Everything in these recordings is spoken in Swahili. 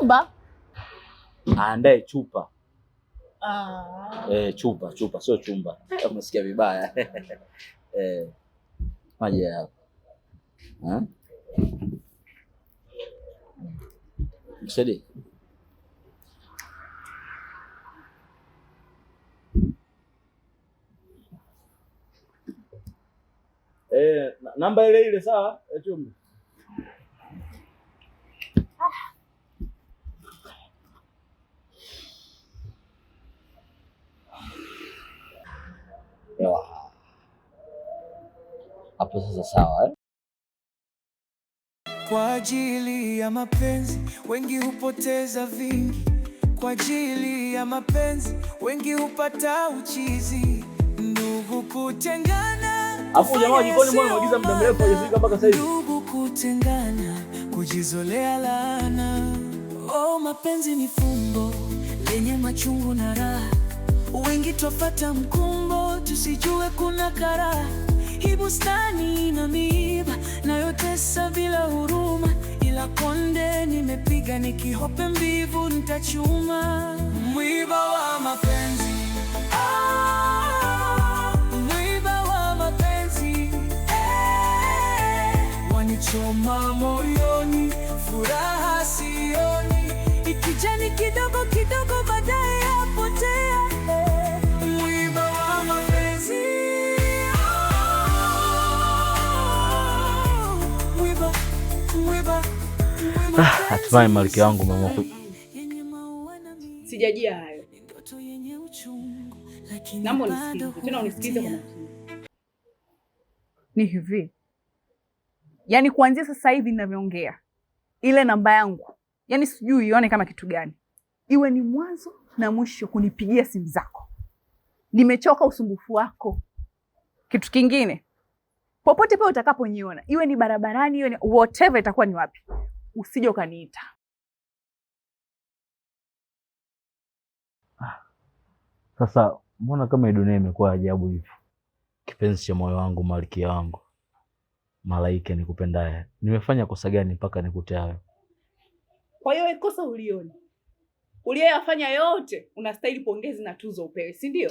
Chumba aandae chupa ah. E, chupa chupa, sio chumba. Umesikia vibaya e, maji msaidi Eh, eh namba ile ile, sawa chumba ah. hapo sasa sawa eh? Kwa ajili ya mapenzi wengi hupoteza vingi, kwa ajili ya mapenzi wengi hupata uchizi, ndugu kutengana. Hapo jamaa jikoni mwana maagiza muda mrefu hajafika mpaka sasa hivi. Ndugu kutengana, kujizolea laana. Oh, mapenzi ni fumbo lenye machungu na raha, wengi twafata mkumbo tusijue kuna karaha hii bustani ina miiba nayotesa bila huruma, ila konde nimepiga nikihope mbivu nitachuma. Mwiba wa mapenzi ah, eh, moyoni, furaha sioni, ikijani kidogo kidogo Ah, hatimaye malkia wangu mama, sijajia hayo. Naomba unisikize tena, unisikize kwa makini. Ni hivi, yaani kuanzia sasa hivi ninavyoongea, ile namba yangu yaani sijui ione kama kitu gani, iwe ni mwanzo na mwisho kunipigia simu zako. Nimechoka usumbufu wako. Kitu kingine popote pale utakaponiona, iwe ni barabarani, iwe ni whatever, itakuwa ni wapi usije ukaniita. Ah, sasa mbona kama hii dunia imekuwa ajabu hivi? Kipenzi cha moyo wangu, malkia wangu, malaika nikupendaye, nimefanya kosa gani mpaka nikute hayo Kwa hiyo kosa ulioni uliyoyafanya yote unastahili pongezi na tuzo upewe, si ndio?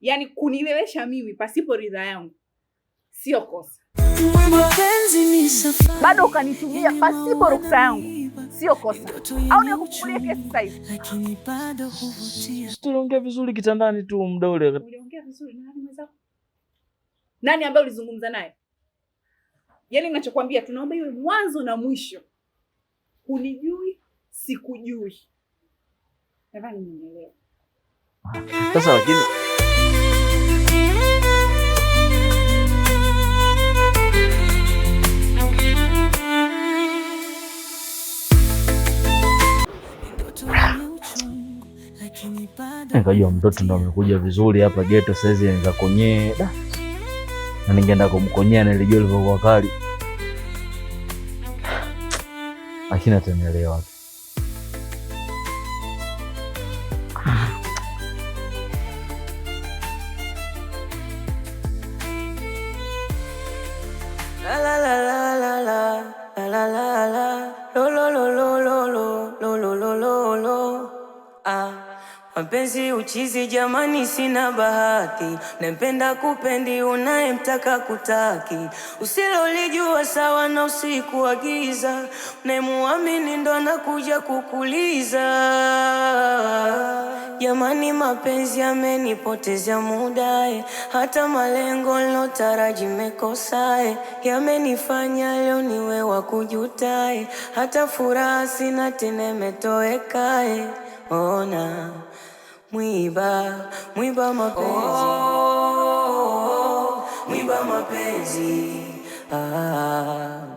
Yaani kunilewesha mimi pasipo ridhaa yangu sio kosa bado ukanitumia pasipo ruksa yangu, sio kosa au nikukulia kesi sasa hivi? Tuliongea vizuri kitandani tu muda ule. Uliongea vizuri nani ambaye ulizungumza naye? Yaani ninachokwambia tunaomba iwe mwanzo na mwisho. hunijui sikujui. Nadhani nimeelewa. Sasa lakini Nikajua eh, mtoto ndo amekuja vizuri hapa geto saizi, konyee da, na ningeenda kumkonyea, nilijua ilivyokuwa kali, lakini atanielewa Mapenzi uchizi jamani, sina bahati, nempenda kupendi, unayemtaka kutaki, usilolijua sawa na usiku wa giza, unayemuamini ndo anakuja kukuliza. Jamani, mapenzi yamenipotezea mudae, hata malengo nilotaraji mekosae, yamenifanya leo niwe wa kujutae, hata furaha sina tena, imetowekae. Ona mwiba mwiba mapenzi oh, mwiba mapenzi ah.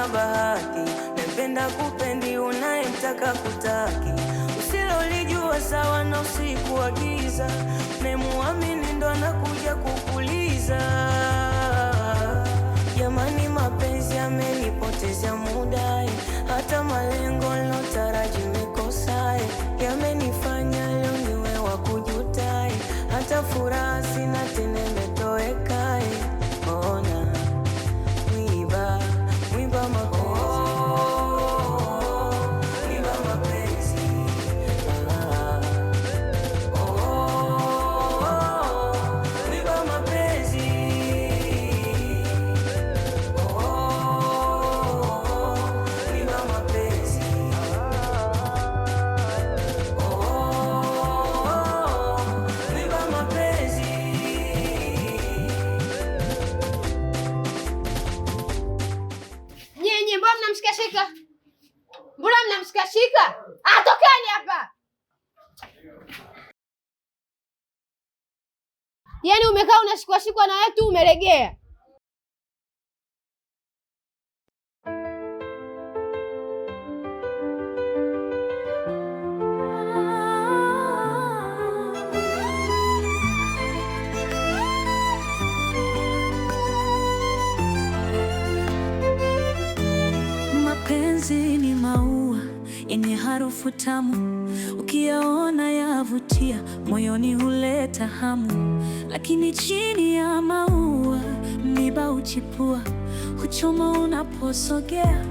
na bahati, Nependa kupendi, unayemtaka kutaki, usilolijua sawa na usiku wa giza, nemuamini ndo anakuja kukuliza. Jamani, mapenzi yamenipoteza muda, hata malengo nilotaraji mekosae, yamenifanya leo niwe wa kujutai, hata furaha sina tena. Mbona mnamshikashika? Ah, tokeni hapa. Yaani umekaa unashikwashikwa na wetu umelegea. yenye harufu tamu, ukiyaona yavutia, moyoni huleta hamu. Lakini chini ya maua miba uchipua huchoma unaposogea,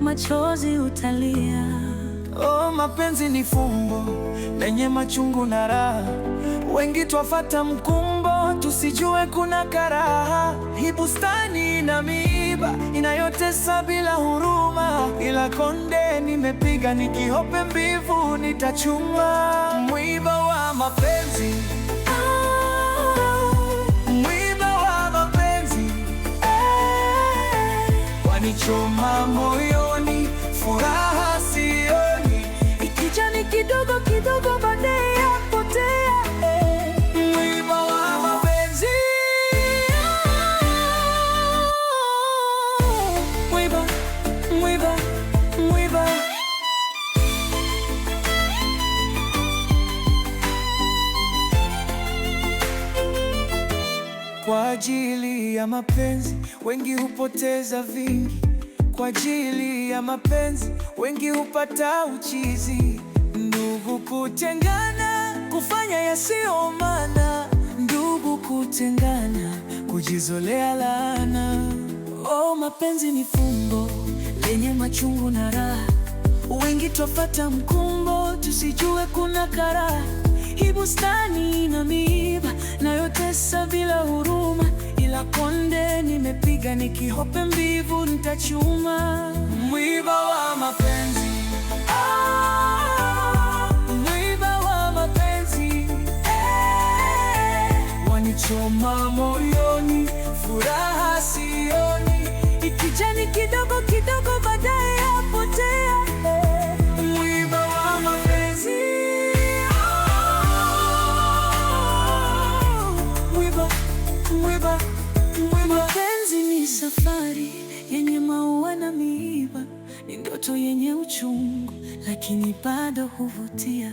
machozi utalia. Oh, mapenzi ni fumbo lenye machungu na raha, wengi twafata mkumbo, tusijue kuna karaha. Hii bustani na mimi misiba inayotesa bila huruma, ila konde nimepiga nikihope mbivu nitachuma. Mwiba wa mapenzi ah, mwiba wa mapenzi eh, mapenzi wengi hupoteza vingi, kwa ajili ya mapenzi wengi hupata uchizi. Ndugu kutengana, kufanya yasiyomaana, ndugu kutengana, kujizolea laana. Oh, mapenzi ni fumbo lenye machungu na raha, wengi twafata mkumbo, tusijue kuna karaha. Hii bustani ina miiba, nayotesa bila huruma la konde nimepiga, nikihope mbivu nitachuma mwiba wa yenye uchungu, lakini bado huvutia.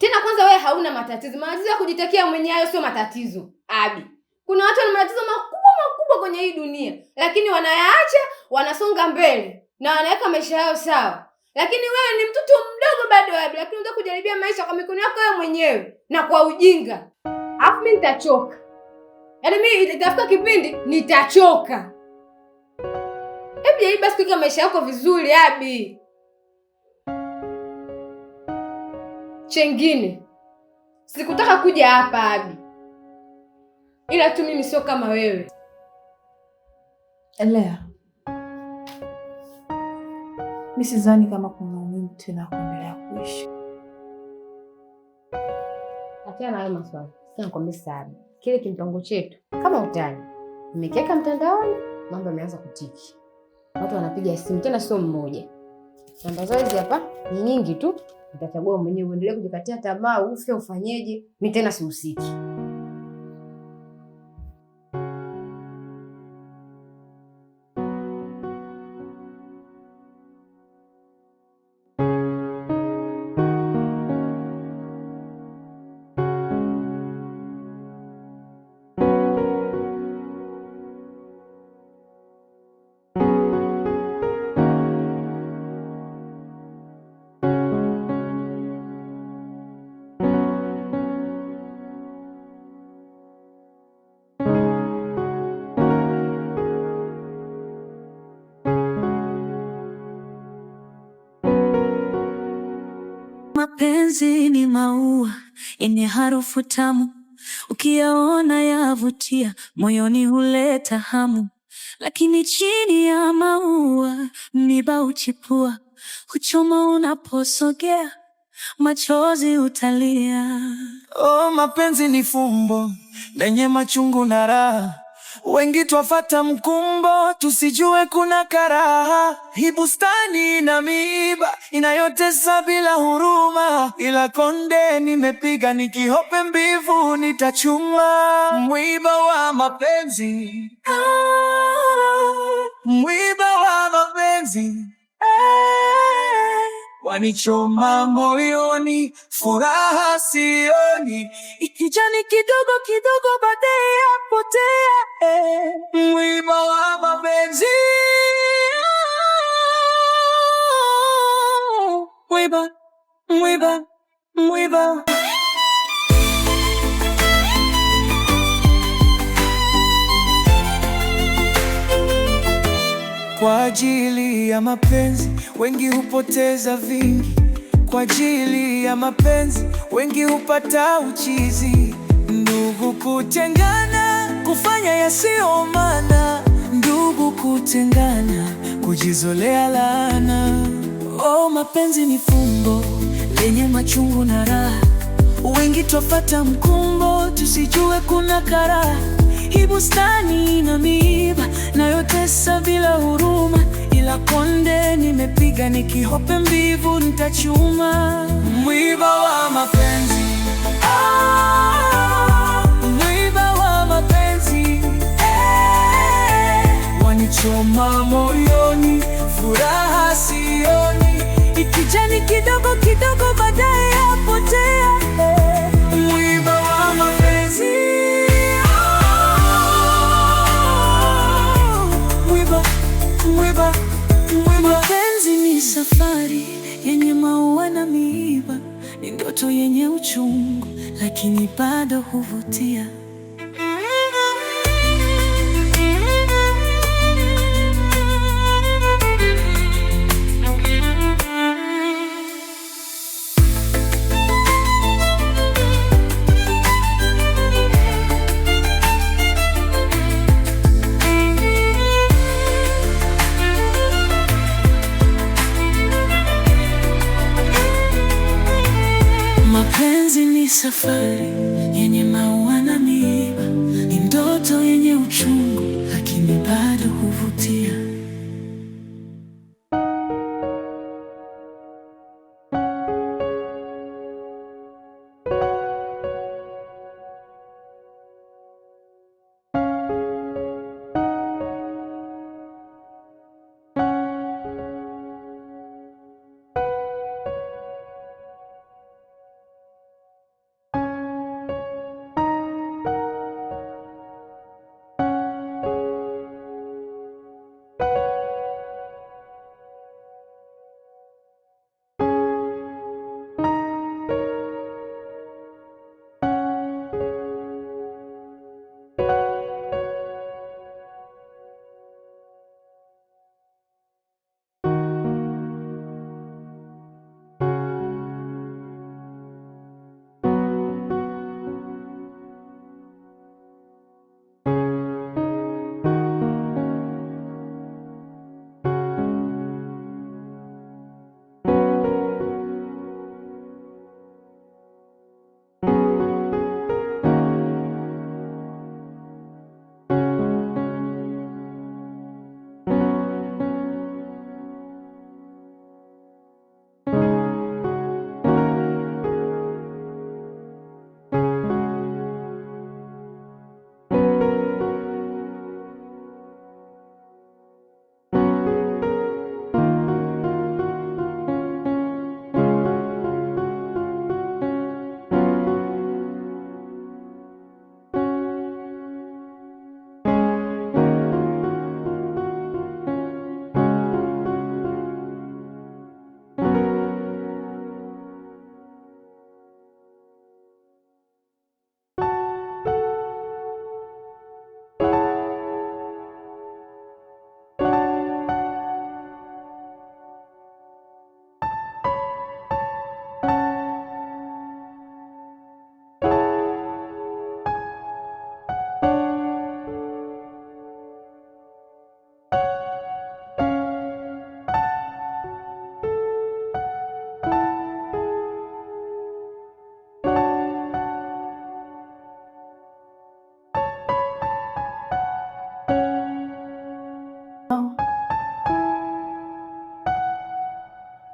Tena kwanza wewe hauna matatizo. Matatizo ya kujitekea mwenyewe sio matatizo. Abi. Kuna watu wana matatizo makubwa makubwa kwenye hii dunia, lakini wanayaacha, wanasonga mbele na wanaweka maisha yao sawa. Lakini wewe ni mtoto mdogo bado Abi, lakini unataka kujaribia maisha kwa mikono yako wewe mwenyewe na kwa ujinga. Alafu mimi nitachoka. Yaani mimi itafika kipindi nitachoka. Hebu jaribu basi kuiga maisha yako vizuri Abi. Chengine sikutaka kuja hapa Abi, ila tu mimi sio kama wewe Lea. Mi sidhani kama kuna umuhimu tena kuendelea kuishi. Achana na hayo maswali, nakwambia sana kile kimpango chetu kama utani nimekeka mtandaoni, mambo yameanza kutiki, watu wanapiga simu tena, sio mmoja. Namba zao hizi hapa ni nyingi tu. Utachagua mwenyewe, uendelee kujikatia tamaa, ufe ufanyeje? Mi tena sihusiki. Mapenzi ni maua yenye harufu tamu, ukiyaona yavutia, moyoni huleta hamu. Lakini chini ya maua miba uchipua huchoma unaposogea, machozi utalia. Oh, mapenzi ni fumbo lenye machungu na raha wengi twafata mkumbo, tusijue kuna karaha. Hii bustani ina miiba inayotesa bila huruma, ila konde nimepiga nikihope mbivu nitachuma. Mwiba wa mapenzi mwiba wa mapenzi ah. Eh wanichoma moyoni, furaha sioni, ikijani kidogo kidogo, baadaye yapotea. Eh, mlima wa mapenzi mwiba, mwiba, mwiba kwa ajili ajili ya mapenzi wengi hupoteza vingi, kwa ajili ya mapenzi wengi hupata uchizi. Ndugu kutengana, kufanya yasiyo maana, ndugu kutengana, kujizolea laana. Oh, mapenzi ni fumbo lenye machungu na raha, wengi twafata mkumbo, tusijue kuna karaha. Hii bustani ina miiba na konde nimepiga nikihope mbivu nitachuma. Mwiba wa mapenzi ah, mwiba wa mapenzi eh, wanichoma moyoni, furaha sioni, ikijani kidogo kidogo, baadaye apote ndoto yenye uchungu, lakini bado huvutia. Penzi ni safari yenye maua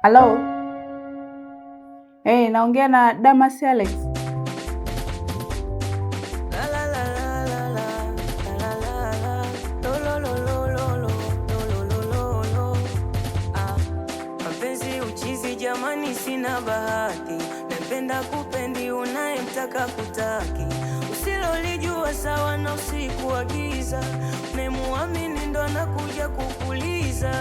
Halo. Hey, naongea na Damas Alex. Mapenzi uchizi jamani, sina bahati. Napenda kupendi, unayemtaka kutaki. Usilolijua sawa na usikuagiza. Unayemuamini ndo anakuja kukuliza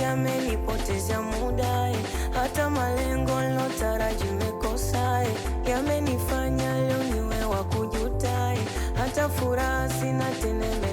mapenzi yamenipotezea muda, hata malengo nilotaraji nimekosa, yamenifanya leo niwe wa kujuta, hata furaha sina tena.